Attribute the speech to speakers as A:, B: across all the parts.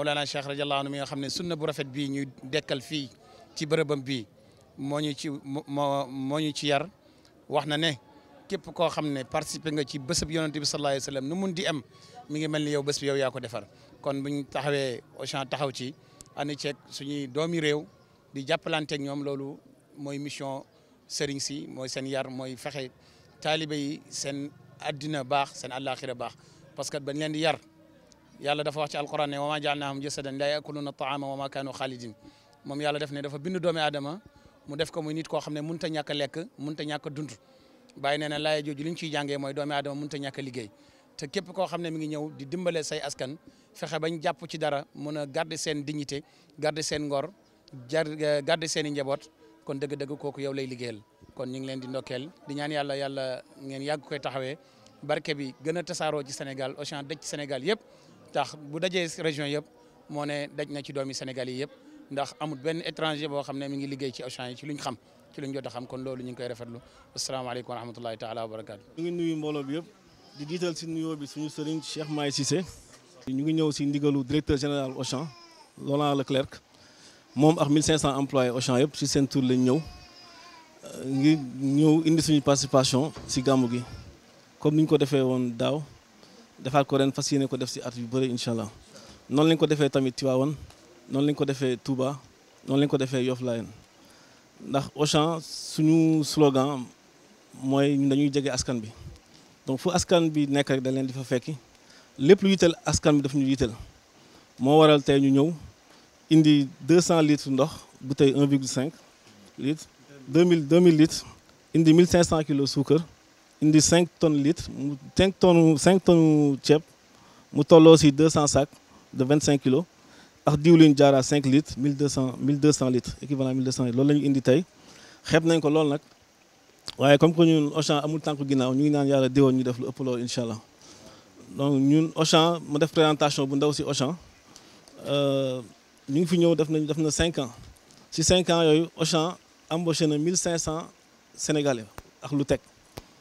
A: Mawlana Cheikh radiyallahu anhu mi nga xam ne sunna bu rafet bii ñuy dekkal fii ci bërëbam bii moo ñu ci moo moo ñu ci yar wax na ne képp koo xam ne participé nga ci bésëb yonent bi sallallahu alayhi wa di am mi ngi mel ni yow bés bi yow yaa ko defar kon buñ taxawee Auchan taxaw ci ànd ceeg suñuy doomi réew di jàppalanteeg ñoom loolu mooy mission sëriñ si mooy seen yar mooy fexe taalibe yi seen addina baax seen àllaaxira baax parce que bañ leen di yar يالا دافا واخ القران وما جعلناهم جسدا لا ياكلون الطعام وما كانوا خالدين موم يالا داف ني دافا بيند دومي ادم مو داف كو نيت كو خا مني مونتا نياكا ليك مونتا نياكا دوند باي نينا لاي جوجو لين سي جانغي موي دومي ادم مونتا نياكا ليغي تا كيب كو خا مني ميغي نييو دي ديمبالي ساي اسكان فخه باني جابو سي دارا مونا غاردي سين دينيتي غاردي سين غور غاردي سين نجبوت كون دغ دغ كوكو ياو لاي ليغيل كون نيغ لين دي نوكيل دي نيان يالا يالا نين ياغ كوي تاخوي barke bi gëna tassaro ci sénégal océan dëcc sénégal yépp tax bu dajee région yëpp moo ne daj na ci doomi Sénégal yi yëpp ndax amul benn étranger boo xam ne mi ngi liggéey ci Auchan yi ci luñ xam ci luñ jot xam kon loolu ñu ngi koy rafetlu asalaamaaleykum wa rahmatullahi taala wa barakaatu. ñu
B: ngi nuyu mbooloo bi yëpp di jiital si nuyoo bi suñu sëriñ Cheikh Maye Cissé. ñu ngi ñëw si ndigalu directeur général Auchan Laurent Leclerc moom ak 1500 employés Auchan yëpp si seen tur lañ ñëw ngi ñëw indi suñu participation si gàmmu gi comme ni ko defee woon daaw. defaat ko ren fas yéene ko def si at yu bëri incha allah noonu lañ ko defee tamit Tivaouane noonu lañ ko defee Touba noonu lañ ko defee Yoff Layeen ndax Auchan suñu slogan mooy ñun dañuy jege askan bi donc fu askan bi nekk rek da leen di fa fekki lépp lu yitteel askan bi daf ñu yitteel moo waral tey ñu ñëw indi 200 litres ndox bouteille 1,5 litre 2000 2000 litres indi 1500 kilos suukar. indi 5 tonnes litres 5 tonnes 5 tonnes ceeb mu tolloo ci deux sacs de 25 kg kilos ak diwlin à 5 litres 1200 1200 litres équivalent mille deux litres indi tay comme que ñun Auchan amul ginaaw ñu ngi naan yalla ñu def donc ñun Auchan def présentation bu ndaw ci Auchan euh, ñu ngi fi cinq ans si 5 ans yoyu Auchan embauché 1500 sénégalais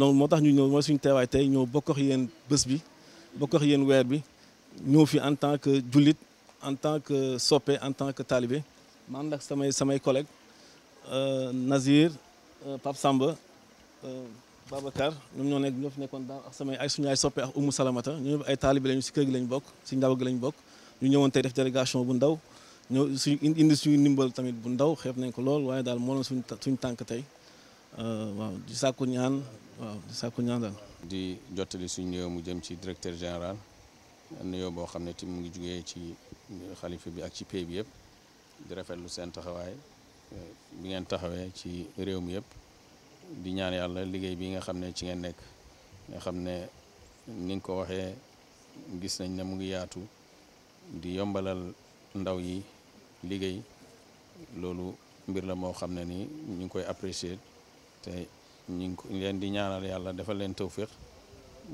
B: donc motax ñu ñëw mooy suñu téway tay ñoo bokk yeen yéen bi bokk yeen yéen bi ñoo fi en tant que jullit en tant que soppe en tant que talibé man ànd ak samay collègue euh, Nazir euh, Pape Samba euh, Babacar ñu ñoo nek ñoo fi nekkoon daal ak samay ay suñu ay soppe ak Oumou Salamata ñu ay talibé lañu ci kër gi lañu bokk ci ndaw gi lañu bokk ñu ñëwon tay def délégation bu ndaw ñoo suñu indi suñu ndimbal tamit bu ndaw xef nañ ko lool waye daal mo doon suñu suñu tank tay
C: Euh, waaw di sàkku ñaan waaw di jottali suñ nuyoo mu jëm ci directeur général nuyoo boo xam ne ti mu ngi jugee ci xalifa bi ak ci pay bi yëpp di rafetlu seen taxawaay euh, bi ngeen taxawee ci réew mi yëpp di ñaan yàlla liggéey bi nga xam ne ci ngeen nekk nga xam ne ni nga ko waxee gis nañ ne mu ngi yaatu di yombalal ndaw yi liggéey loolu mbir la moo xam ne ni ñu ngi koy apprécier. te ñu ngi leen di ñaanal yàlla defal leen tawfiq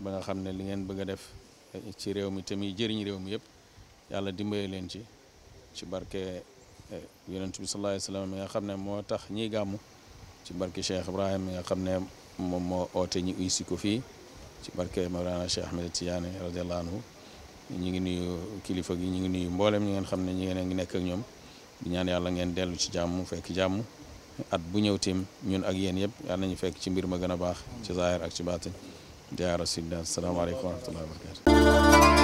C: ba nga xam ne li ngeen bëgg a def ci réew mi te muy jëriñ réew mi yëpp yàlla dimbale leen ci ci barke eh, yonent bi sallallahu alayhi mi nga xam ne moo tax ñiy gàmmu ci barke Cheikh Ibrahim mi nga xam ne moom moo oote ñi uy ko fii ci barke Mawlana Cheikh Ahmed Tidiane radiallahu anhu ñu ngi nuyu kilifa gi ñu ngi nuyu mboolem ñi ngeen xam ne ñi ngeen ngi nekk ak ñoom di ñaan yàlla ngeen dellu ci jàmm fekk jàmm at bu ñëw tiim ñun ak yéen yëpp yal nañu fekk ci mbir ma gën a baax ci zaahir ak ci baatin jaara sidda asalaamaaleykum wa rahmatullahi wa barakatu